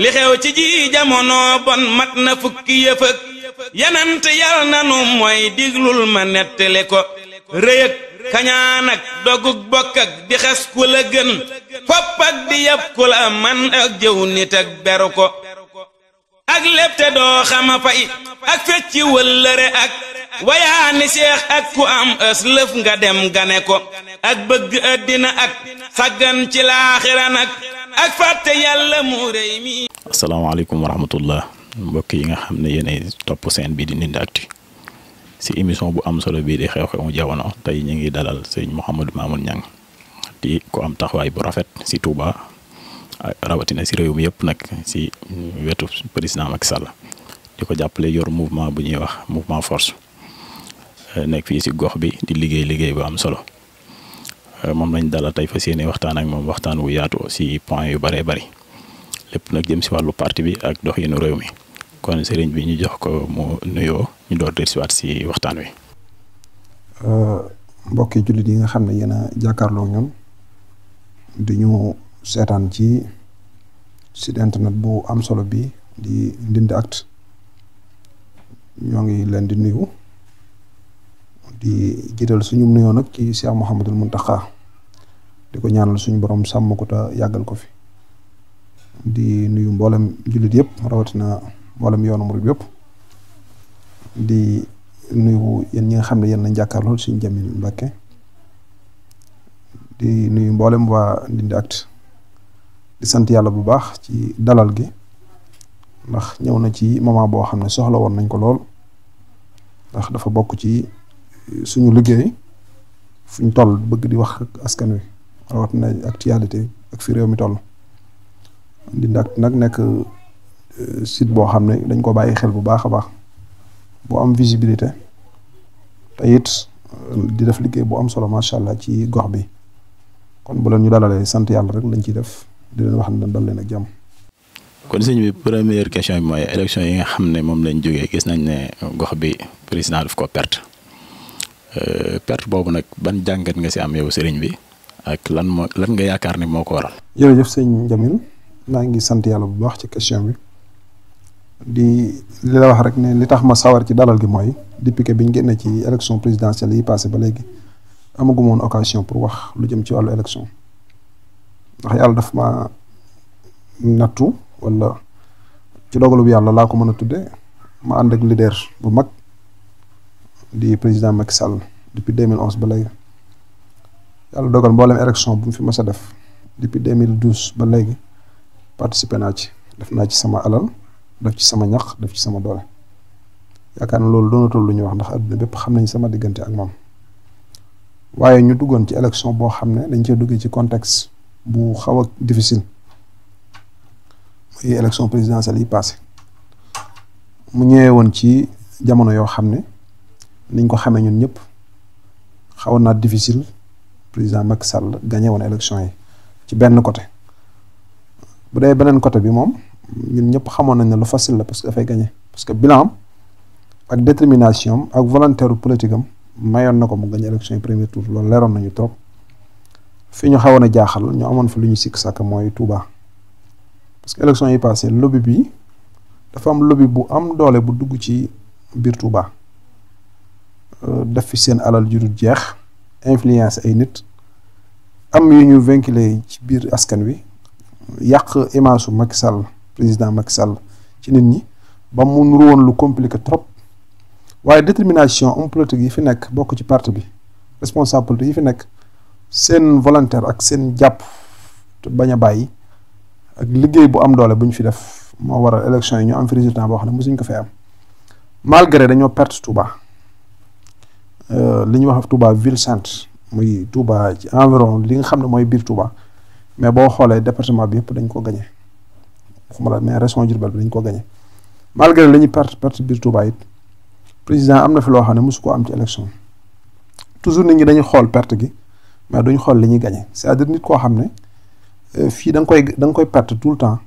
li xew ci ji jamono bon mat na fukki yëfëg yanant yal nanu mooy diglul ma nettali ko rëyëg kañaan ak dogug bokk ak di xas ku la ak di yab ku la man jëw nit beru ko ak lépp te doo ak fecci wëllëre ak wayaani seex ak ku am ës nga dem gane ko ak bëgg ëddina ak saggan ci laaxira ak fàtte yàlla mu rëy mi. asalaamaaleykum wa rahmatullah mbokk yi nga xam ne yéenay topp seen bii di Ndindy Actu si émission bu am solo bii di xew-xewu jamono tey ñu ngi dalal sëñ Mouhamadou Mamoune Niang di ko am taxawaay bu rafet si Touba rawatina si réew mi yëpp nag si wetu président Macky Sall di ko jàppale yor mouvement bu ñuy wax mouvement force nekk fii si gox bi di liggéey liggéey bu am solo. Euh, moom lañ dalal tey fas yéene waxtaan ak moom waxtaan wu yaatoo si point yu bëree bëri lépp nag jëm si wàllu parti bi ak dox yéenu réew mi kon sëriñ bi ñu jox ko mu nuyoo ñu door dellusiwaat si waxtaan wi. Euh, mbokki jullit yi nga xam ne yéen a jàkkaarloo ñun di ñu seetaan ci site internet bu am solo bi di Ndindy Actu ñoo ngi leen di nuyu. di jiital suñu nuyoo nag ci Cheikh Mouhamadul Mountakha di ko ñaanal suñu borom sàmm ko te yàggal ko fi di nuyu mboolem jullit yëpp rawatina mboolem yoonu murid yëpp di nuyu yéen ñi xam ne yéen lañ jàkkaarloo suñu Jamil Mbàkke di nuyu mboolem waa Ndindy Actu di sant yàlla bu baax ci dalal gi ndax ñëw na ci moment boo xam ne soxla woon nañ ko lool ndax dafa bokk ci suñu liggéey fuñ toll bëgg di wax askan wi rawat na actualité ak fi réew mi toll di nag nag nekk euh, site boo xam ne dañ ko bàyyi xel bu baax a baax boo am visibilité te it euh, di def liggéey bu am solo macha allah ci gox bi kon bu leen ñu dalalee sant yàlla rek lañ ciy def di leen wax na dal leen ak jàmm. kon sëñ bi première question bi mooy élection yi nga xam ne moom lañ jógee gis nañ ne gox bi président daf ko perte. Euh, perte boobu nag ban jàngat nga si am yow sëriñ bi ak lan moo lan nga yaakaar ni moo ko waral. jërëjëf sëñ Jamil maa ngi sant yàlla bu baax ci question bi di li la wax rek ne li tax ma sawar ci dalal gi mooy depuis que biñ génnee ci élection présidentielle yi passé ba léegi amagu woon occasion pour wax lu jëm ci wàllu élection ndax yàlla daf ma nattu wala ci dogalu bi yàlla laa ko mën a tudde ma ànd ak leader bu mag. di président mack Sall depuis 2011 ba léegi yàlla dogal mboolem élection bu mu fi ma sa def depuis 2012 ba léegi participé naa ci def naa ci sama alal def ci sama ñax def ci sama doole yaakaar na loolu doonatul lu ñuy wax ndax adduna bépp xam nañ sama diggante ak moom waaye ñu duggoon ci élection boo xam ne dañ cee duggee ci contexte bu xaw a difficile muy élection présidentielle yi passé mu ñëwee woon ci jamono yoo xam ne niñ ko xamee ñun ñëpp xawoon naa difficile président Macky Sall gagné woon élection yi ci benn côté bu dee beneen côté bi moom ñun ñëpp xamoon nañ ne lu facile la parce que dafay gagné parce que bilan ak détermination ak volontaire politique am mayoon na ko mu gagné élection yi premier tour loolu leeroon nañu trop fi ñu xawoon a jaaxal ñu amoon fi lu ñu sikk sàkk mooy Touba parce que élection yi passé lobby bi dafa am lobby bu am doole bu dugg ci biir Touba. Euh, def fi seen alal ju dul jeex influence ay nit am yu ñu vinculé ci biir askan wi yàq image su Macky Sall président Macky ci nit ñi ba mu nuru woon lu compliqué trop waaye détermination homme politique yi fi nekk bokk ci parti bi responsable politique yi fi nekk seen volontaire ak seen jàpp te bañ a bàyyi ak liggéey bu am doole bu ñu fi def moo waral élection yi ñu am fi résultat boo xam ne mosuñ ko fee am malgré dañoo perte Touba. Euh, li ñuy wax Touba ville centre muy Touba ci environ li nga xam ne mooy biir Touba mais boo xoolee département bi yëpp dañ ko gagné xuma la mais région Diourbel bi dañ ko gagné malgré la ñuy perte perte biir Touba yi président am na fi loo xam ne mosu ko am ci élection toujours nit ñi dañuy xool perte gi mais duñ xool li ñuy gagné cest dire nit koo xam ne euh, fii da nga koy da nga koy perte tout le temps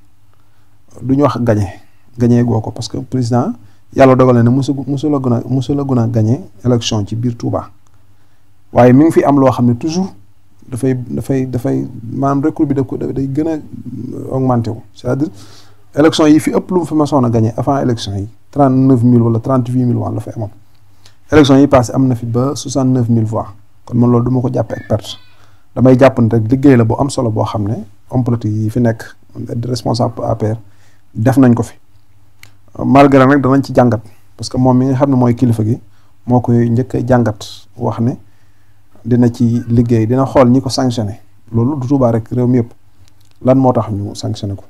duñu wax gagné gagné goo ko parce que président. yàlla dogal na ne musu musu la gën a musu la a gagné élection ci biir Touba waaye mi ngi fi am loo xam ne toujours dafay dafay dafay maanaam recours bi daf ko day gën a augmenté wu c'est-à-dire élection yi fi ëpp lu mu fi masoon a gagné avant élection yi trente neuf mille wala trente huit mille wàll la fa amoon élection yi passé am na fi ba soixante neuf mille voix kon man loolu du ko jàppee ak perte damay jàpp ne rek liggéey la boo am solo boo xam ne homme politique yi fi nekk responsable APR def nañ ko fi. malgré nag danañ ci jàngat parce que moom mi nga xam ne mooy kilifa gi moo koy njëkk a jàngat wax ne dina ci liggéey dina xool ñi ko sanctionné loolu du Tuubaa rek réew mi yëpp lan moo tax ñu sanctionné ko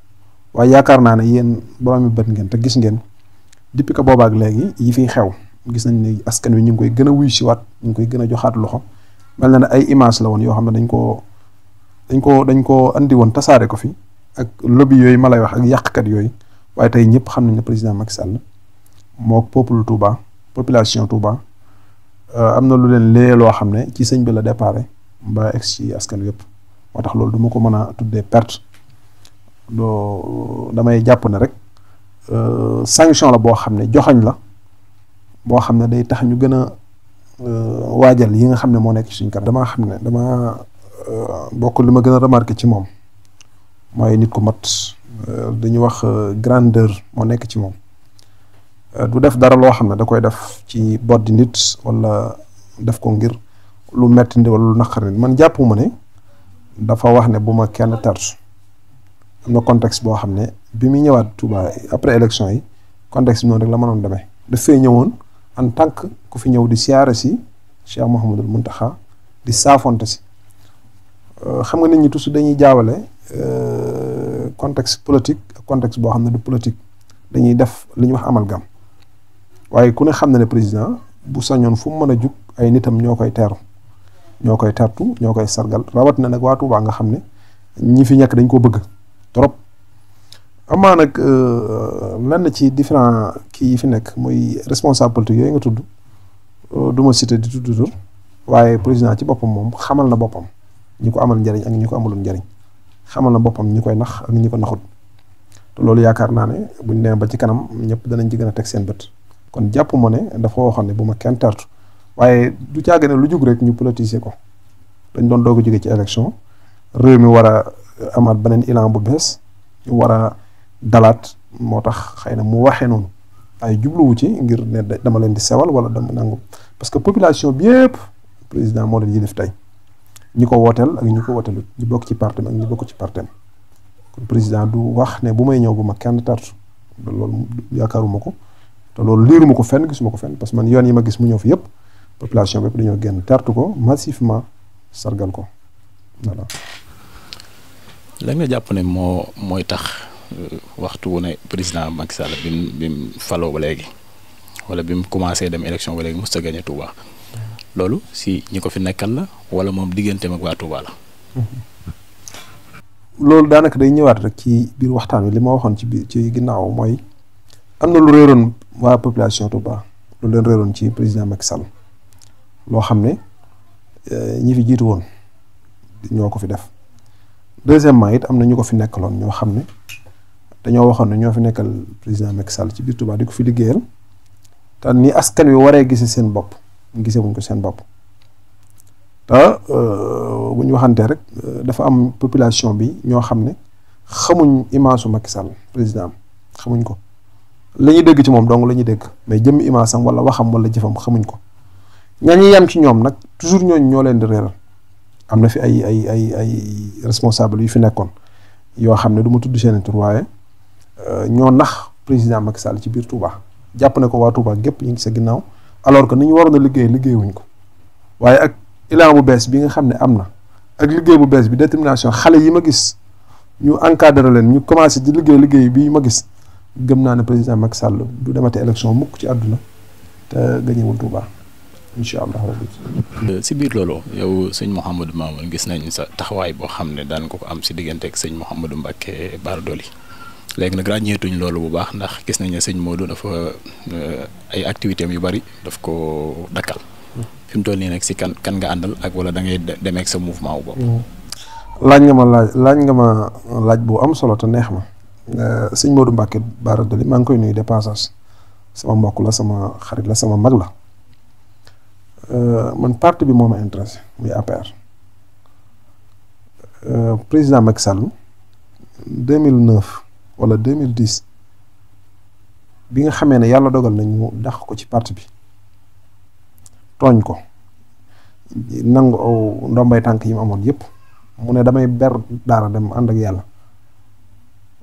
waaye yaakaar naa ne yéen boroomi bët ngeen te gis ngeen depuis que boobaak léegi yi fiy xew gis nañ ne askan wi ñu ngi koy gën a wuy si waat ñu ngi koy gën a joxaat loxo mel na ne ay image la woon yoo xam ne dañ koo dañ ko dañ koo andi woon tasaare ko fi ak lobby yooyu ma wax ak yàqkat yooyu waaye tey ñëpp xam nañ ne président Macky Sall moo peuple Touba population Touba euh, am na lu leen lee loo xam ne ci sëñ bi la départ ba egg ci askan yëpp moo tax loolu duma ko mën a tuddee perte loo damay jàpp ne rek euh, sanction la boo xam ne joxañ la boo xam ne day tax ñu gën a euh, waajal yi nga xam ne moo nekk ci suñ kanam. damaa xam ne dama bokk li ma gën a remarqué ci moom mooy nit ku mat. Euh, dañuy wax euh, grandeur moo nekk ci moom euh, du def dara loo xam ne da koy def ci boddi nit walla def ko ngir lu metti ndi wala lu naqari man jàpp ma ne dafa wax ne bu ma kenn tartu am na contexte boo xam ne bi muy ñëwaat Touba après élection yi contexte bi noonu rek la manoon demee daf fee ñëwoon en tant que ku fi ñëw di siyaare si Cheikh Mouhamadul Mountakha di saafonte si xam nga nit ñi toujours dañuy jaawale contexte politique ak boo xam ne du politique dañuy def li ñuy wax amalgam waaye ku ne xam na ne président bu sañoon fu mu mën a jug ay nitam ñoo koy teeru ñoo koy tertu ñoo koy sargal rawat na nag waa Touba nga xam ne ñi fi ñekk dañ ko bëgg trop amaa nag euh, lenn ci différent kii yi fi nekk muy responsable politique yooyu nga tudd euh, du ma di tudd tur waaye président ci boppam moom xamal na boppam ñi ko amal njariñ ak ñi ko amaloon njariñ xamal na boppam ñi koy nax ak ñi ko naxut te loolu yaakaar naa ne bu ñu demee ba ci kanam ñëpp danañ ci gën a teg seen bët kon jàpp ma ne dafa xam ne bu ma kenn tertu waaye du caage ne lu jug rek ñu politiser ko dañ doon doog jógee jóge ci élection réew mi war a amaat beneen ilan bu bees war a dalaat moo tax xëy na mu waxee noonu waaye jubluwu ci ngir ne dama leen di sewal wala dama nangu parce que population bi yëpp président moo leen yilif tey ñi ko wooteel ak ñi ko wooteelu ñi bokk ci parti ak ñi bokk ci parti kon président du wax ne bu may ñëw bu ma kenn tartu loolu yaakaaruma ko te loolu liiruma ko fenn gisuma ko fenn parce que man yoon yi ma gis mu ñëw fi yëpp population bi yëpp dañoo génn tartu ko massivement sargal ko voilà. nga jàpp ne moo mooy tax euh, waxtu wu ne président Macky Sall bi mu faloo ba léegi wala bi mu commencé dem élection ba léegi mosut a gagné Touba. loolu si ñi ko fi nekkal la wala moom diggante ak waa Touba la. loolu daanaka day ñëwaat rek ci biir waxtaan wi li ma waxoon ci biir ci ginnaaw mooy am na lu réeroon waa population Touba lu leen réeroon ci président Macky Sall loo xam ne eh, ñi fi jiitu woon ñoo ko fi def deuxièmement it am na ñu ko fi nekkaloon ñoo xam ne dañoo waxoon ne ñoo fi nekkal président Macky Sall ci biir Touba di ko fi liggéeyal te ni askan wi waree gise seen bopp. gisee wuñ ko seen bopp te euh, bu ñu waxantee rek euh, dafa am population bi ñoo xam ne xamuñ image su Macky Sall président xamuñ ko la dégg ci moom dong la ñuy dégg mais jëmm image am wala waxam wala jëfam xamuñ ko ñañu yam ci ñoom nag toujours ñooñu ñoo leen di réeral am na fi ay ay ay ay responsable yu fi nekkoon yoo xam ne du ma tudd seen tur waaye euh, ñoo nax président Macky ci biir Touba jàpp ne ko waa Touba gépp ñu ngi sa ginnaaw alors que ni ñu waroon a liggéey liggéeyuñ ko waaye ak élan bu bees bi nga xam ne am na ak liggéey bu bees bi détermination xale yi ma gis ñu encadre leen ñu commencé di liggéey liggéey bi ma gis gëm naa ne président Macky Sall du demate élection mukk ci àdduna te gañewul Tuuba incha allah rabbi si biir loolu yow sëñ Mouhamadou Mamoune gis nañ sa taxawaay boo xam ne daan ko ko am si diggante ak sëñ Mouhamadou Mbacke Bara Dolly léegi nag ràññeetuñ loolu bu baax ndax gis nañ ne sëñ Modou dafa euh, ay activité yu bari daf ko dakkal. Hmm. fi mu toll nii nag si kan kan nga àndal ak wala da ngay demee ak sa mouvement wu bopp. Hmm. laaj nga ma laaj laaj nga ma laaj bu am solo te neex ma euh, sëñ Modou Mbacke Bara maa ngi koy nuyu de sama mbokk la sama xarit la sama mag la euh, man parti bi moom ma intéressé muy APR président Macky Sall 2009. wala 2010 bi nga xamee ne yàlla dogal na ñu dàq ko ci parti bi tooñ ko nangu aw ndombay tànk yi mu amoon yëpp mu ne damay ber daara dem ànd ak yàlla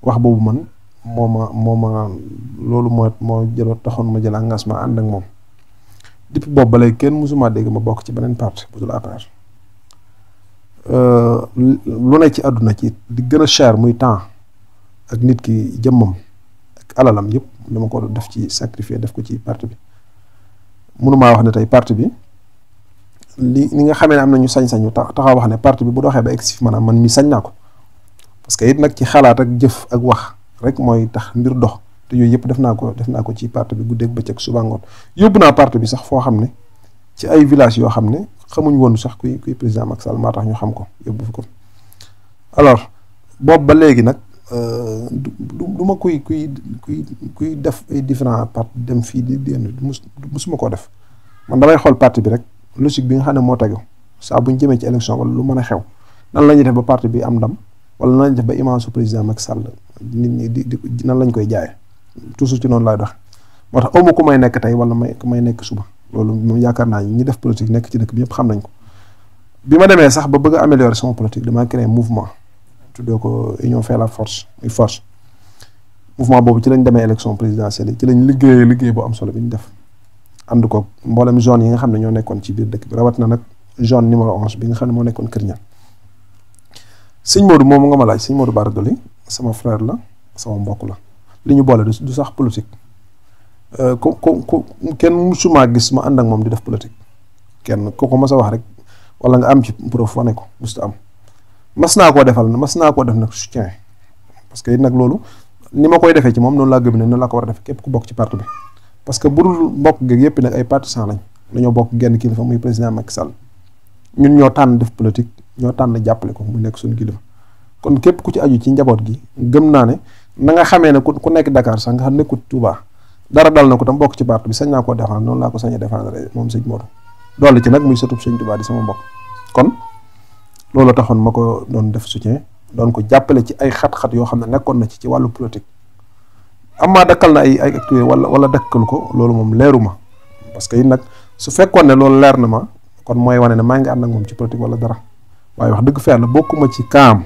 wax boobu mën moo ma moo ma loolu moo moo jëloo taxoon ma jël engagement ànd ak moom depuis boobu ba léegi kenn mësuma dégg ma bokk ci beneen parti bu dul APR euh, lu ne ci àdduna ci di gën a cher muy temps ak nit ki jëmmam ak alalam yëpp dama ko def ci sacrifier def ko ci parti bi mënumaa wax ne tey parti bi li li nga xamee ne am na ñu sañ-sañu taxaw wax ne parti bi bu doxee ba excif maanaam man mi sañ naa ko parce que it nag ci xalaat ak jëf ak wax rek mooy tax mbir dox te yooyu yëpp def naa ko def naa ko ci parti bi guddeeg bëccëg suba ngoon yóbbu naa parti bi sax foo xam ne ci ay village yoo xam ne xamuñ woon sax kuy kuy président Macky Sall maa tax ñu xam ko yóbbu fi ko alors boobu ba léegi nag Euh, du ma kuy kuy kuy kuy def ay part parti dem fii di génn su ma koo def man damay xool parti bi rek logique bi nga xam ne moo tegu saa bu ñu jëmee ci élection wala lu mën a xew nan la ñuy def ba part bi am ndam wala nan la ñuy def ba image su président Macky Sall di di nan lañ koy jaayee toujours ci noonu laay dox moo tax aw ku may nekk tey wala may ku nekk suba loolu moom yaakaar naa ñi def politique nekk ci dëkk bi yëpp xam nañ ko bi ma demee sax ba bëgg a améliorer sama politique damaa créer mouvement. tuddee ko union fait la force muy force mouvement boobu ci lañ demee élection présidentielle ci lañ liggéeyee liggéey boo am solo bi ñu def ànd ko mboolem zone yi nga xam ne ñoo nekkoon ci biir dëkk bi rawat na nag zone numéro onze bi nga xam ne moo nekkoon Kër Ñaan sëñ moom moomu nga ma laaj sëñ Modou Bara Dolly sama frère la sama mbokk la li ñu boole du sax politique euh, ko ku ku kenn musuma gis ma ànd ak moom di def politique kenn ku ko mas a wax rek wala nga am ci prof wane ko musta am mas naa koo defal mas naa koo def nag soutien parce que it nag loolu ni ma koy defee ci moom noonu laa gëm ne noonu laa ko war a def ku bokk ci parti bi parce que bu bokk geeg ay partisans lañ dañoo bokk genn kilifa muy président Macky Sall ñun ñoo tànn def politique ñoo tànn jàppale ko mu nekk suñu kilifa kon képp ku ci aju ci njaboot gi gëm naa ne na nga xamee ne ku nekk Dakar sax nga xam nekkut Touba dara na ko tam bokk ci parti bi sañ naa koo défendre noonu laa ko sañ a moom sëñ Modou dolli ci nag muy sëtub sëñ Touba di sama mbokk kon loolu taxoon ma ko doon def soutien doon ko jàppale ci ay xat-xat yoo xam ne nekkoon na ci ci wàllu politique am maa dakkal na ay ay activités wala wala dakkalu ko loolu moom leeru ma parce que it nag su fekkoon ne loolu leer na ma kon mooy wane ne maa ngi ànd ak moom ci politique wala dara waaye wax dëgg na bokk ma ci kaam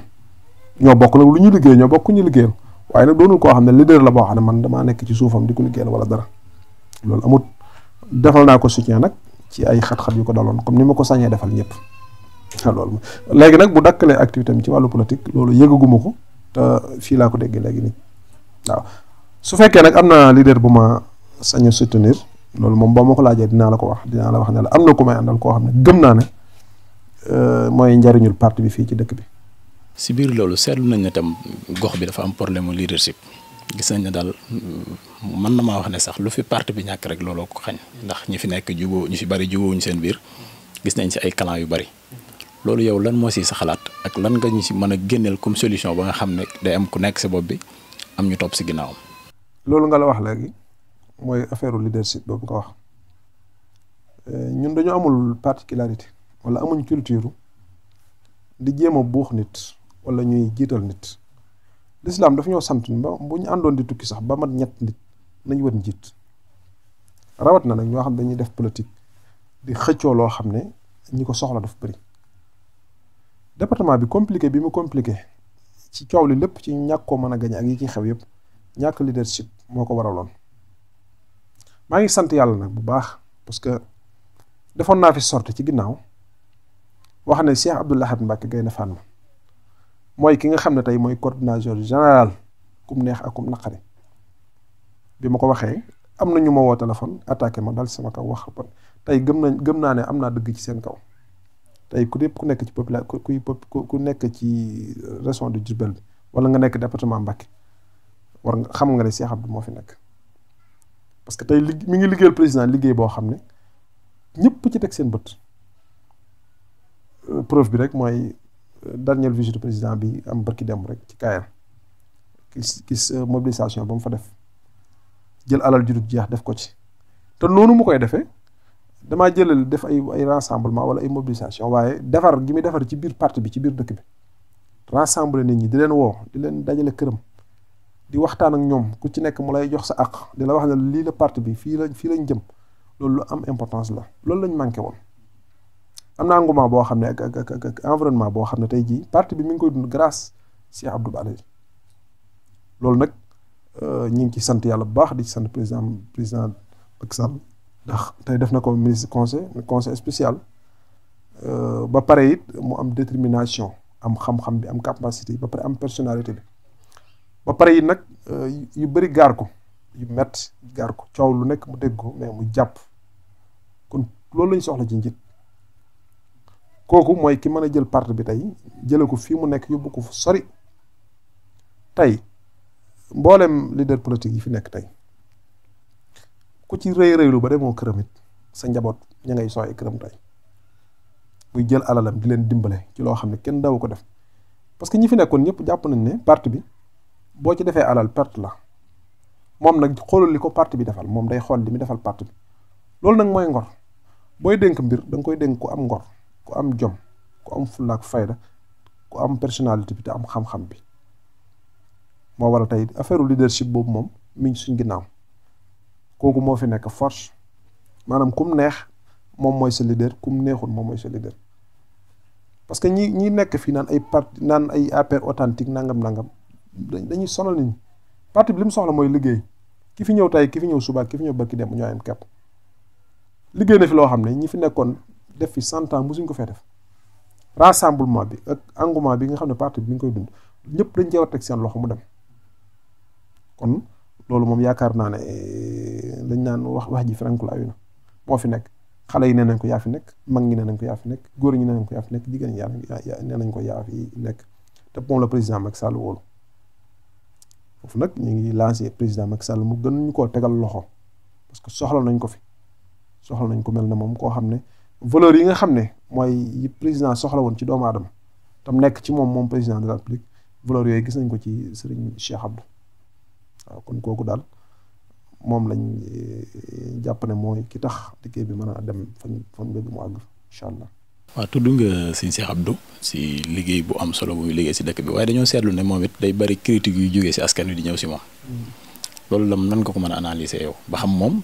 ñoo bokk nag lu ñu liggéey ñoo bokk ñu liggéeyal waaye nag doonul koo xam ne leader la boo xam ne man damaa nekk ci suufam di ko liggéeyal wala dara loolu amut defal naa ko soutien nag ci ay xat-xat yu comme ni ma ko sañee defal ñëpp. Ah, loolu léegi nag bu dakkalee activité am ci wàllu politique loolu yëgaguma ko te fii laa ko déggee léegi nii waaw su fekkee nag am na leader bu ma sañ a soutenir loolu moom boo ma ko laajee dinaa la ko wax dinaa la wax ne la am na ko may àndal koo xam ne gëm naa ne euh, mooy njariñul parti bi fii ci dëkk bi. si biir loolu seetlu nañ ne tam gox bi dafa am problème mu leadership gis nañ ne daal mm, mën na maa wax ne sax lu fi parti bi ñàkk rek looloo ko xañ ndax ñi fi nekk juboo ñu fi bari jubóowuñu seen biir gis nañ si ay clan yu bari. loolu yow lan moo si sa xalaat ak lan nga ñu si mën a génneel comme solution ba nga xam ne day am ku nekk sa bopp bi am ñu topp si ginnaawam. loolu nga la wax léegi mooy affaire leadership boobu nga wax euh, ñun dañu amul particularité wala amuñ culture di jéem a buux nit wala ñuy jiital nit. lislaam dafa ñoo sant ba bu ñu àndoon di tukki sax ba mat ñett nit nañ wër njiit rawat na nag ñoo xam ne dañuy def politique di xëccoo loo xam ne ñu ko soxla dafa bëri département bi compliqué bi mu compliqué ci coow li lépp ci ñàkk koo mën a gañ ak yi ciy xew yëpp ñàkk leadership moo ko waraloon maa ngi sant yàlla nag bu baax parce que defoon naa fi sorte ci ginnaaw wax ne Cheikh Abdou Lahad Mbacké Gaïndé Fatma mooy ki nga xam ne tey mooy coordinateur général kum neex ak kum naqari bi ma ko waxee am na ñu ma woo téléphone attaqué ma dal sama kaw wax tey gëm nañ gëm naa ne am naa dëgg ci seen kaw. tey ku yëpp ku nekk ci popula kuy ku nekk ci région de Diourbel bi wala nga nekk département Mbacké war nga xam nga ne Cheikh Abdou moo fi nekk parce que tey li mi ngi liggéeyal président liggéey boo xam ne ñëpp ci teg seen bët euh, preuve bi rek mooy euh, dernière visite président bi am barki dem rek ci Kayar ki gis euh, mobilisation ba mu fa def jël alal ju jeex def ko ci te loolu mu koy defee damaa jëlal def ay rensemblement rassemblement wala ay mobilisation waaye defar gi muy defar ci biir parti bi ci biir dëkk bi rassembler nit ñi di leen woo di leen dajale këram di waxtaan ak ñoom ku ci nekk mu lay jox sa àq di la wax ne lii la parti bi fii lañ fii lañ jëm loolu lu am importance la loolu lañ manqué woon am na engouement boo xam ne ak ak ak ak environnement boo xam ne tey jii parti bi mi ngi koy dund grâce Cheikh Abdou Bara loolu nag euh, ñu ngi ci sant yàlla bu baax di sant président président Macky Sall ndax tey def na ko ministre conseil conseil spécial euh, ba pare it mu am détermination am xam-xam bi am capacité ba pare am personnalité bi ba pare it nag euh, yu bëri gaar ko yu mett gaar ko coow lu nekk mu dégg ko mais mu jàpp kon loolu lañu soxla ci njit kooku mooy ki mën a jël parti bi tey jële ko fii mu nekk yóbbu ko fu sori tey mboolem leader politique yi fi nekk tey ku ci rëy rëylu ba demoo këram it sa njaboot ña ngay sooy këram tey muy jël alalam di leen dimbale ci loo xam ne kenn dawu ko def parce que ñi fi nekkoon ñëpp jàpp nañ ne parti bi boo ci defee alal perte la moom nag xoolul li ko parti bi defal moom day xool di mu defal parti bi loolu nag mooy ngor booy dénk mbir danga koy dénk ku am ngor ku am jom ku am fullaak fayda ku am personnalité bi te am xam-xam bi moo waral tey affaire leadership boobu moom mi ngi suñ ginnaaw kooku moo fi nekk forche maanaam kum neex moom mooy sa leader kum neexul moom mooy sa leader parce que ñi ñi nekk fii naan ay parti naan ay APR authentique nangam nangam dañuy sonal nit ñi parti bi li mu soxla mooy liggéey ki fi ñëw tey ki fi ñëw suba ki fi ñëw barki dem ñoo am képp liggéey na fi loo xam ne ñi fi nekkoon def fi cent ans suñ ko fee def rassemblement bi ak engouement bi nga xam ne parti bi mi ngi koy dund ñëpp dañ cee war teg seen loxo mu dem loolu moom yaakaar naa ne eh, dañ naan wax wax ji franku laayu na moo fi nekk xale yi nee nañ ko yaa fi nekk mag ngi nee nañ ko yaa fi nekk góor ñi nee nañ ko yaa nekk jigéen ñi yaa nee nañ ko yaa nekk te moom la président Macky Sall wóolu foofu nag ñu ngi lancé président Macky Sall mu gën ñu koo tegal loxo parce que soxla nañ ko fi soxla nañ ko mel ne moom koo xam ne valeur yi nga xam ne mooy yi président soxla woon ci doomu aadama tam nekk ci moom moom président de la République valeur yooyu gis nañ ko ci Serigne Cheikh waaw kon kooku daal moom lañ eh, jàpp ne mooy ki tax liggéey bi mën a dem fañ fañ bëgg mu àgg incha allah. waaw tudd nga sëñ Cheikh Abdou si liggéey bu am solo bu muy liggéey si dëkk bi waaye dañoo seetlu ne moom it day bari critique yu jógee si askan wi di ñëw si moom. Mm. loolu lam nan nga ko mën a analyser yow ba xam moom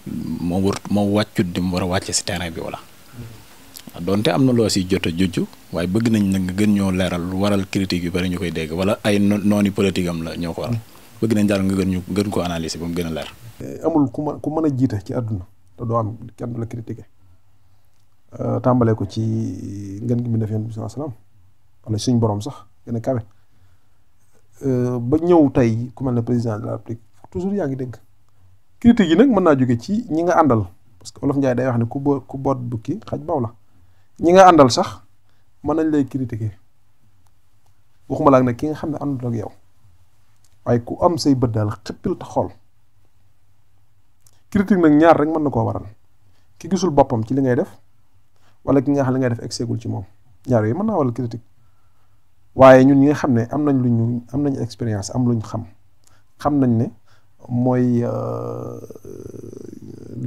moo moo wàccut di mu war a wàcce si terrain bi wala. Mm. donte am na loo si jot a jujj waaye bëgg nañ nag nga gën ñoo leeral waral critique yu bari ñu koy dégg wala ay nooni politique am la ñoo ko waral. bëgg nañ daal nga gën ñu gën ko analyser ba mu gën a leer. Eh, amul ku ma ku mën a jiite ci àdduna te doo am kenn du la critiqué euh, tàmbalee ko ci ngeen gi mu def yéen bi wala suñ borom sax gën a euh, ba ñëw tey ku ne président de la République toujours yaa ngi dégg critique yi nag mën naa jóge ci ñi nga àndal parce que Olof Njaay day wax ne ku bo ku boot bukki xaj baw la ñi nga àndal sax mën nañ lay critiquer waxuma la ak nag ki nga xam ne àndul ak yow. waaye ku am say bët daal xëppil te xool critique nag ñaar rek mën na koo waral ki gisul boppam ci li ngay def wala ki nga xam ngay def egseegul ci moom ñaar yooyu mën naa waral critique waaye ñun ñi nga xam ne am nañ lu ñu am nañu expérience am lu ñu xam xam nañ ne mooy euh,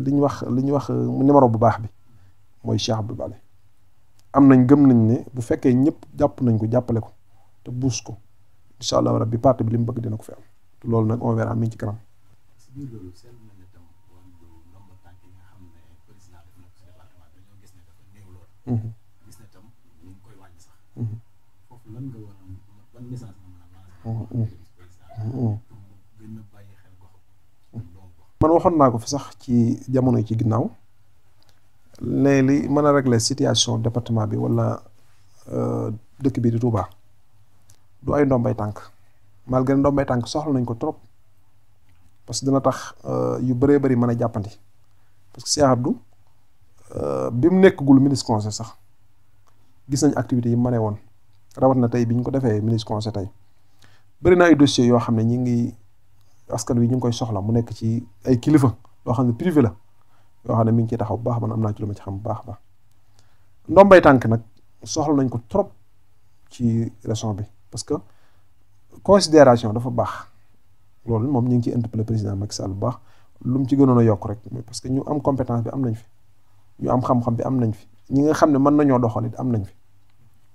li ñu wax li ñu wax numéro bu baax bi mooy Cheikh bu Bale am nañ gëm nañ ne bu fekkee ñëpp jàpp nañ ko jàppale ko te buus ko incha allah rabbi parti bi li mu bëgg dina ko fi am loolu nag on verra mi ngi ci kanam. man waxoon naa ko fi sax ci jamono ci ginnaaw léegi li mën a régler situation département bi wala euh, dëkk bi di Touba. du ay ndombay tànk malgré ndombay tànk soxla nañ ko trop parce que dina tax euh, yu bëree bëri mën a jàppandi parce que Cheikh Abdou euh, bi mu nekkagul ministre conseil sax gis nañ activités yi mu mënee woon rawat na tey bi ñu ko defee ministre conseil tey bëri na ay dossiers yoo xam ne ñi ngi askan wi ñu ngi koy soxla mu nekk ci ay kilifa loo xam ne privé la yoo xam ne mi ngi ciy taxaw bu baax man am naa ci lu ci xam bu baax ba ndombay tànk nag soxla nañ ko trop ci région bi. parce que consideration dafa baax loolu moom ñu ngi ciy interpellé président Macky Sall bu baax lu mu ci gënoon a yokk rek parce que ñu am compétence bi am nañ fi ñu am xam-xam bi am nañ fi ñi nga xam ne mën nañoo doxal am nañ fi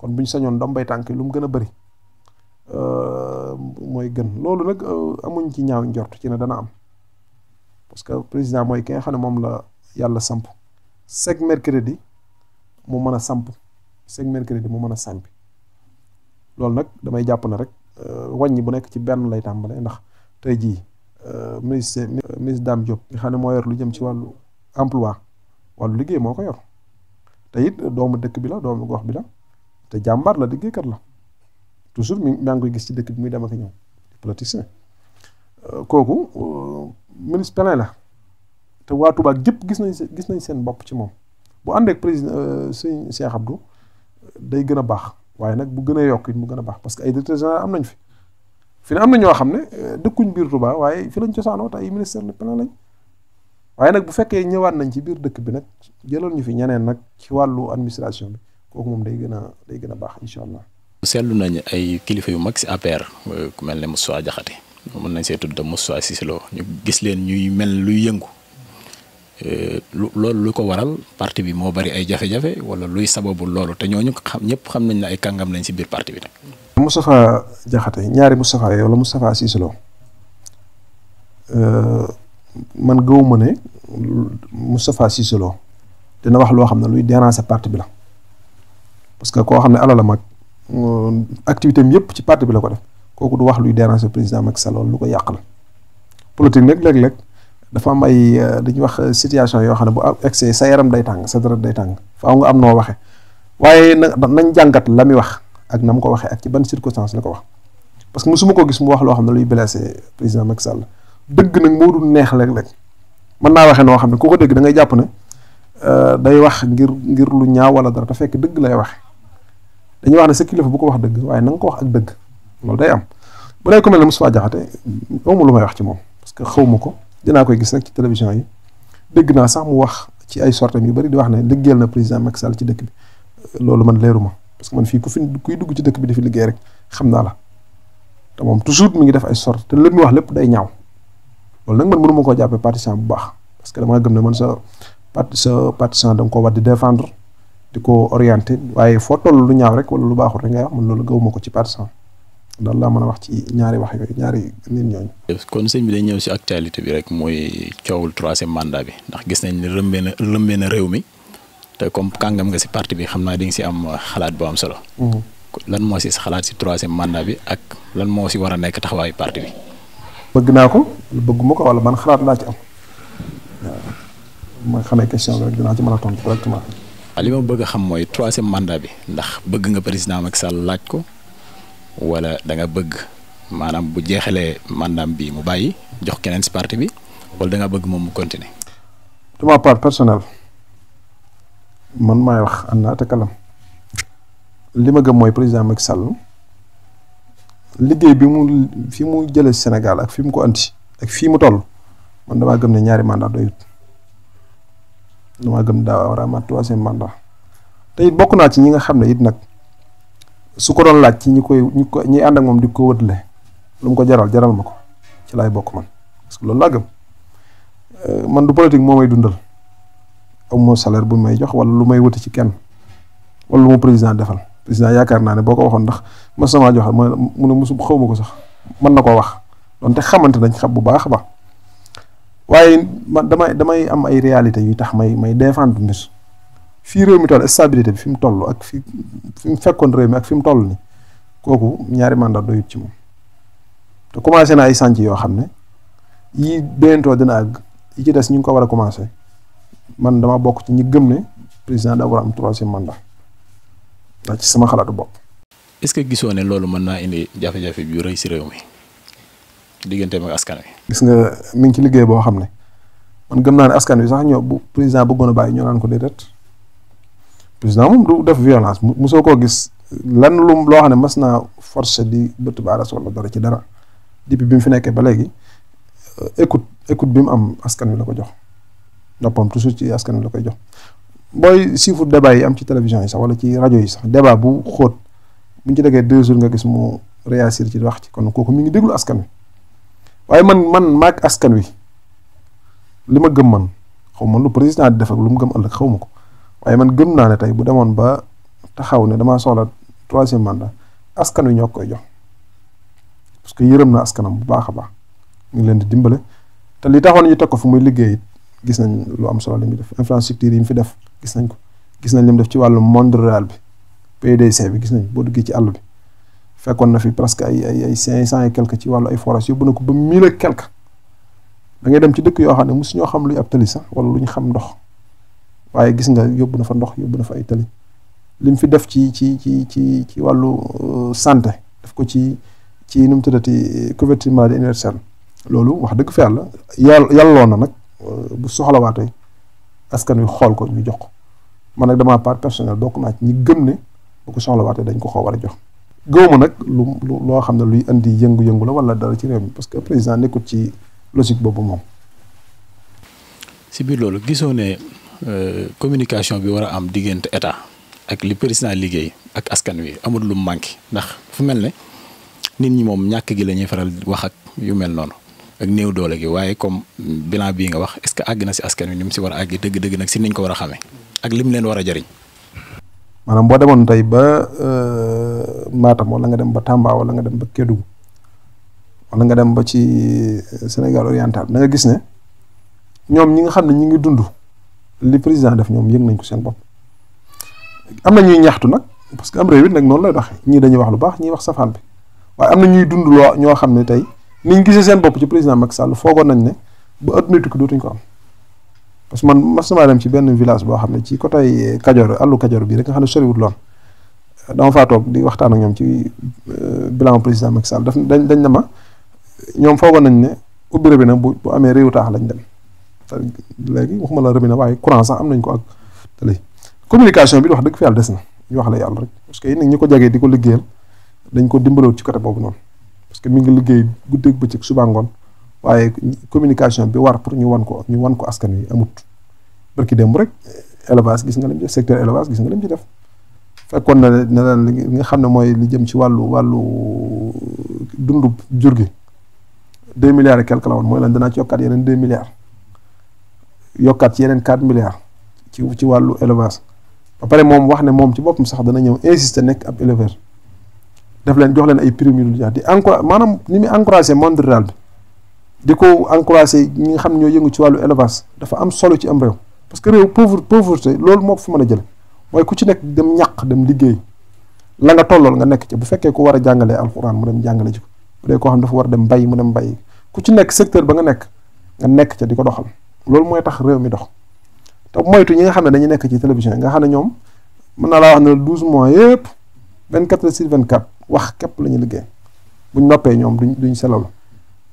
kon bu ñu sañoon dombay tànk lu mu gën a bëri euh, mooy gën loolu nag euh, amuñ ci ñaaw njort ci ne dana am parce que président mooy ki nga xam ne moom la yàlla samp chaque mercredi mu mën a samp chaque mercredi mu mën a sampi loolu nag damay jàpp na rek euh, wàññi bu nekk ci benn lay tàmbale ndax tey jii euh, ministre ministre Dame Diop nga xam ne moo yor lu jëm ci wàllu emploi wàllu liggéey moo ko yor te it doomu dëkk bi la doomu gox bi la te jàmbaar la liggéey kat la toujours mi maa ngi koy gis ci dëkk bi muy dem ak ñëw di politicien euh, kooku ministre la te waa jëpp gis nañ gis nañ seen bopp ci moom bu àndeek président sëñ Cheikh Abdou day gën a baax waaye nag bu gën a yokk it mu gën a baax parce que ay directeur général am nañ fi fi ne am na ñoo xam ne euh, dëkkuñ biir baax waaye fi lañ cosaanoo te ay ministère de plan waaye nag bu fekkee ñëwaat nañ ci biir dëkk bi nag jëloon ñu fi ñeneen nag ci wàllu administration bi kooku moom day gën a day gën a baax incha allah. seetlu nañ ay kilifa yu mag si APR euh, ku mel ne Moussa Diakhaté mën nañ see tudd Moussa Cissé Lo ñu gis leen ñuy mel luy yëngu. lu loolu lu ko waral parti bi moo bari ay jafe-jafe wala luy sababu loolu te ñooñu xam ñëpp xam nañ ne ay kàngam nañ ci biir parti bi nag. Moustapha Diakhaté ñaari Moustapha yow la Moustapha Cissé Lo euh, man gëw ne Moustapha Cissé dina wax loo xam ne luy déranger parti bi la parce que koo xam ne alal mag euh, activité am yëpp ci parti bi la ko def kooku du wax luy déranger président mag Sall lu ko yàq la politique nag léeg-léeg. dafa am ay euh, li wax euh, situation yoo xam ne bu egsee sa yaram day tàng sa deret day tàng faaw nga am noo waxee waaye na nañ jàngat la muy wax ak na mu ko waxee ak ci ban circonstance la ko wax parce que su ma ko gis mu wax loo xam ne luy blessé président Macky Sall dëgg nag moo dul neex léeg-léeg mën naa waxee noo xam ne ku ko dégg dangay jàpp ne euh, day wax ngir ngir lu ñaaw wala dara te fekk dëgg lay waxe dañu wax ne sa kilifa bu ko wax dëgg waaye na ko wax ak dëgg loolu day am bu dee ku mel ne Moustapha Diakhaté amu lu may wax parce que xaw ma ko dinaa koy gis nag ci télévision yi dégg naa sax mu wax ci ay sortam yu bari di wax ne liggéeyal na président Macky Sall ci dëkk bi loolu man leeruma parce que man fii ku fi kuy dugg ci dëkk bi dafi liggéey rek xam naa la te moom toujours mu ngi def ay sort te li mu wax lépp day ñaaw loolu nag man mënu ma koo jàppee partisan bu baax parce que damaa gëm ne man sa parti sa partisan da koo war di défendre di ko orienter waaye foo toll lu ñaaw rek wala lu baaxul rek ngay wax man ko ci partisan daal laa mën a wax ci ñaari wax kon sëñ bi day ñëw si actualité bi rek mooy coowul troisième mandat bi ndax gis nañ ne lëmbee na lëmbee na réew mi te comme kàngam nga si parti bi xam naa di nga si am xalaat bu am solo. Mm-hmm. lan moo si xalaat si troisième mandat bi ak lan moo si war a nekk taxawaayu parti bi. bëgg naa ko bëgguma ko wala man xalaat laa ci am waaw ma xamee question bi rek dinaa ci mën a tontu directement. li bëgg a xam mooy troisième mandat bi ndax bëgg nga président Macky Sall laaj ko. wala danga bëgg maanaam bu jeexalee mandaam bii mu bàyyi jox keneen si parti bi wala danga bëgg moom mu continuer de ma part personnelle man maay wax am naa atakalam li ma gëm mooy président mag Sall liggéey bi mu fi mu jële Sénégal ak fi mu ko anti ak fii mu toll man dama gëm ne ñaari mandat doyut damaa gëm daa war a amaat troisième mandat te it bokk naa ci ñi nga xam ne it nag. su ko doon laaj ci ñi koy ñi ko ñi ànd ak moom di ko wëtle lu mu ko jaral jaral ma ko ci laay bokk man parce loolu laa gëm euh, man du politique moo may dundal moo salaire bu may jox wala lu may wëti ci kenn wala lu mu président defal président yaakaar naa ne boo ko waxoon ndax ma sama jox ma mu ne musu xaw ma ko sax mën na koo wax donte xamante nañ xam bu baax a baax waaye man damay damay am ay réyalité yu tax may may défendre mbir fii réew mi toll stabilité bi fi mu toll ak fi fi mu fekkoon réew mi ak fi mu toll ni kooku ñaari mandat doyut ci moom te commencé na ay sànc yoo xam ne yii béyantoo dina àgg yi ci des ñu ngi ko war a commencé man dama bokk ci ñi gëm ne président daa war a am troisième mandat ndax ci sama xalaatu bopp. est-ce que gisoo ne loolu mën naa indi jafe-jafe yu rëy si réew mi digganteem ak askan wi. gis nga mu ngi ci liggéey boo xam ne man gëm naa ne askan bu président bëggoon a bàyyi ñoo ko déedéet. président moom du def violence mu soo koo gis lan lu loo xam ne mas naa force di bëtt baaraas la dara ci dara depuis bi mu fi nekkee ba léegi euh, écoute écoute bi mu am askan wi la ko jox noppam toujours ci askan wi la koy jox. booy siifu débat yi am ci télévision yi sax wala ci rajo yi sax débat bu xóot bu ci déggee deux jours nga gis mu réagir ci wax ci kon kooku mi ngi déglu askan wi waaye man man maag askan wi li ma gëm man xaw ma lu président di def ak lu mu gëm ëllëg xaw ma ko. waaye man gëm naa ne tey bu demoon ba taxaw ne damaa soxla troisième mandat askan wi ñoo koy jox parce que yërëm na askanam bu baax a baax ñu ngi leen di dimbale te li taxoon ñu teg ko fu muy liggéey gis nañ lu am solo li muy def infrastructure yi mu fi def gis nañ ko gis nañ li mu def ci wàllu monde rural bi PDC bi gis nañ boo duggee ci àll bi fekkoon na fi presque ay ay ay cinq cent et ci wàllu ay forage yóbbu na ko ba mille da ngay dem ci dëkk yoo xam ne mosu ñoo xam luy ab tali wala lu ñu xam ndox. waaye gis nga yóbbu na fa ndox yóbbu na fa ay tali lim fi def ci ci ci ci ci wàllu uh, santé def ko ci ci nu mu tuddati eh, couverture maladie universelle loolu wax dëgg fi yàlla yàlloo na nag uh, bu soxlawaatee askan wi xool ko ñu jox ko man nag damaa part personnel bokk naa ci ñi gëm ne bu ko soxlawaatee dañ ko xoo war a jox. gëwuma nag lu loo xam ne luy andi yëngu-yëngu la wala dara ci réew mi parce que président nekkut ci logique boobu moom. si biir loolu gisoo ne. Euh, communication bi war a am diggante état ak li président liggéey ak askan wi amul lu manqué ndax fu mel ne nit ñi moom ñàkk gi la ñuy faral wax ak yu mel noonu ak néew doole gi waaye comme bilan bii nga wax est-ce que àgg na si askan wi ni mu si war a àgg dëgg-dëgg nag si niñ ko war a xamee ak lim leen war a jëriñ. maanaam boo demoon tey ba euh, Matam wala nga dem ba Tamba walla nga dem ba Kédougou wala nga dem ba ci euh, Sénégal oriental da gis ne ñoom ñi nga xam ne ñi ngi dund. li président def ñoom yëg nañ ko seen bopp am na ñuy ñaxtu nag parce que am réew it nag noonu lay doxee ñii dañuy wax lu baax ñii wax safaan bi waaye am na ñuy dund loo ñoo xam ne tey niñ gisee seen bopp ci président Macky Sall foogoon nañ ne ba adduna ko am parce que man mas naa ci benn village boo xam ne ci côté Kajoor àllu Kajoor bii rek nga xam ne soriwut lool dama faa di waxtaan ak ñoom ci euh, bilan président Macky Sall dañ dañ na ma ñoom foogoon nañ ne ubbi bi nag bu bu amee réewu taax lañ dem. léegi waxuma la robinet waaye courant sax am nañ ko ak télé communication bi wax dëgg fi yàlla des na ñu wax la yàlla rek parce que nag ñi ko jagee di ko liggéeyal dañ ko dimbaloo ci côté boobu noonu parce que mi ngi liggéey guddeeg bëccëg suba ngoon waaye communication bi war pour ñu wan ko ñu wan ko askan wi amut barki démb rek élevage gis nga lim ci secteur élevage gis nga lim ci def fekkoon na ne la li nga xam ne mooy li jëm ci wàllu wàllu dundu jur gi deux milliards et quelque la woon mooy yokkaat ci yeneen 4 milliards ci ci wàllu élevage ba pare moom wax ne moom ci boppam sax dana ñëw insister nekk ab éleveur def leen jox leen ay primes yu di encouragé maanaam ni muy encouragé monde rural bi di ko encouragé ñi nga xam ñoo yëngu ci wàllu élevage dafa am solo ci am réew parce que réew pauvre pauvreté loolu moo ko fa mën a jële mooy ku ci nekk dem ñaq dem liggéey la nga tollool nga nekk ci bu fekkee ko war a jàngalee alxuraan mu dem jàngale ci ko bu dee koo xam dafa war a dem bay mu bay ku ci nekk ba nga nekk nga nekk di ko doxal loolu mooy tax réew mi dox te moytu ñi nga xam ne dañu nekk ci télévision nga xam ne ñoom mën naa laa wax ne douze mois yëpp vingt quatre heures sur vingt quatre wax képp la ñu liggéey buñ noppee ñoom duñ duñ selalu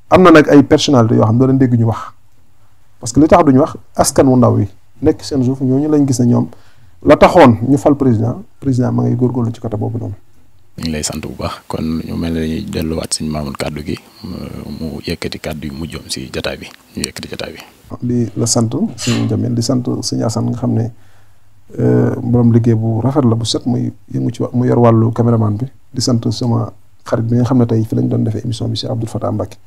am na nag ay personalité yoo xam ne doo leen dégg ñu wax parce que li tax duñu wax askan wu ndaw yi nekk seen ñoo ñu lañ gis ne ñoom la taxoon ñu fal président président ma ngay góorgóorlu ci côté boobu noonu. ñu lay sant bu baax kon ñu mel ne dañuy delluwaat suñu maamun kàddu gi mu yëkkati kàddu mu mujjoom si jataay bi ñu yëkkati jataay bi. di la sant suñu Jamil di sant suñu Assane nga xam ne euh, borom liggéey bu rafet la bu set muy yëngu ci mu yor wàllu caméraman bi di sant sama xarit bi nga xam ne tey fi lañ doon defee émission bi si Abdoul Fatah Mbacké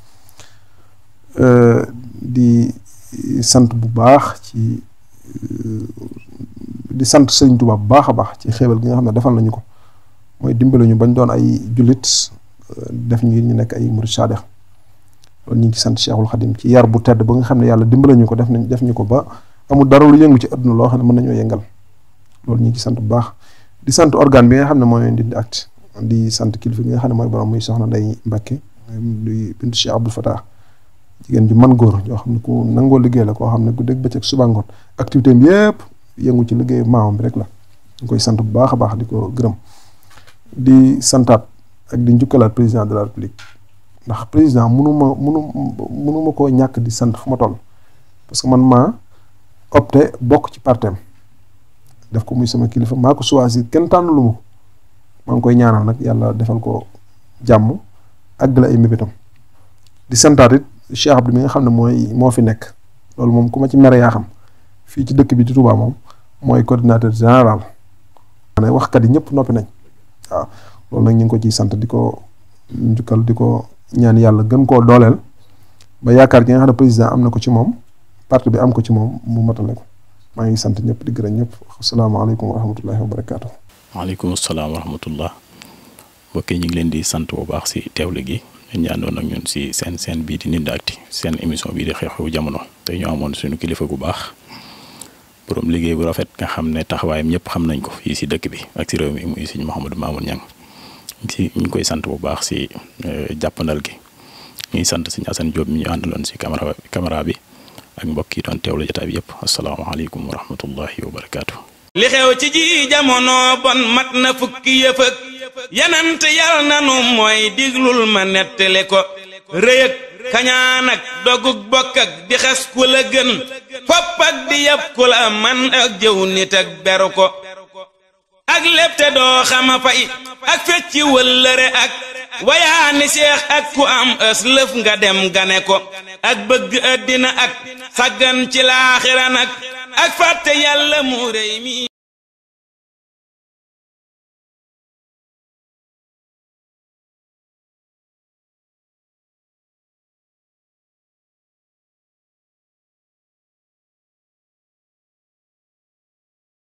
euh, di sant bu baax ci euh, di sant Sëriñ Tuubaa bu baax a baax ci xéewal gi nga xam ne defal nañu ko. mooy dimbali ñu bañ doon ay jullit euh, def ñu ñu nekk ay murid saadix loolu ñu ngi ci sant Cheikhul Khadim ci yar bu tedd ba nga xam ne yàlla dimbali ñu ko def nañ def ñu ko ba amul dara lu yëngu ci àdduna loo xam ne mën nañoo yëngal loolu ñu ci sant bu baax di sant organe bi nga xam ne mooy Ndindy Actu di sant kilifa gi nga xam ne mooy borom muy soxna Ndeye mbakke di bintu Cheikh Abdou Fatah jigéen ju man góor yoo xam ne ku nangoo liggéey la koo xam ne guddeeg bëccëg suba ngoon activité am yëpp yëngu ci liggéey maamam bi rek la ñu koy sant bu baax a baax di ko gërëm di santaat ak di njukkalaat président de la république ndax président ma munu munuma koo ñàkk di sant fu ma toll parce que man maa opté bokk ci partem def ko muy sama kilifa maa ko choisir kenn tànn lu ma ko maa ngi koy ñaanal nag yàlla defal ko jàmm àgg la ay mébétam di santaat it Cheikh Abdou mi nga xam ne mooy moo fi nekk loolu moom ku ma ci mere yaa xam fii ci dëkk bi di Touba moom mooy coordinateur général. maanaam waxkat yi ñëpp noppi nañ. waaw loolu nag ñu ngi ko ciy sant di ko njukkal di ko ñaan yàlla gën koo dooleel ba yaakaar gi nga xam ne président am na ko ci moom parti bi am ko ci moom mu matale ko maa ngi sant ñëpp di gërëm ñëpp asalaamaaleykum wa rahmatullahi wa barakaatu. waaleykum salaam wa rahmatullah mbokk yi ñu ngi leen di sant bu baax si teewle gi. ñu àndoon ak ñun si seen seen bii di Ndindy Actu seen émission bii di xew jamono te ñu amoon suñu kilifa gu baax. borom liggéey bu rafet nga xam ne taxawaayam ñëpp xam nañ ko fii si dëkk bi ak si réew mi muy sëñ Mouhamadou Mamoune Niang si ñu koy sant bu baax si euh, jàppandal gi ñuy sant sëñ Assane Diop mi ñu àndaloon si caméra caméra bi ak mbokk yi doon teewlu jotaay bi yëpp asalaamaaleykum wa rahmatullahi wa barakaatu. li xew ci ji jamono bon mat na fukki yëf ak yanant yàlla nanu mooy diglul ma nettali ko rëy kañaan ak dogug bokk ak di xas ku la gën fopp ak di yab ku la man ak jëw nit ak beru ko ak lépp te doo xama fay ak fecci wëllëre ak wayaani seex ak ku am ëslëf nga dem gane ko ak bëgg ëddina ak saggan ci laaxira ak fàtte yàlla mu réy